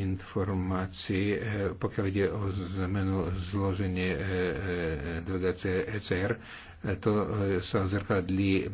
informácií, eh, pokiaľ ide o zmenu zloženie eh, eh, delegácie ECR. To sa zrkadlí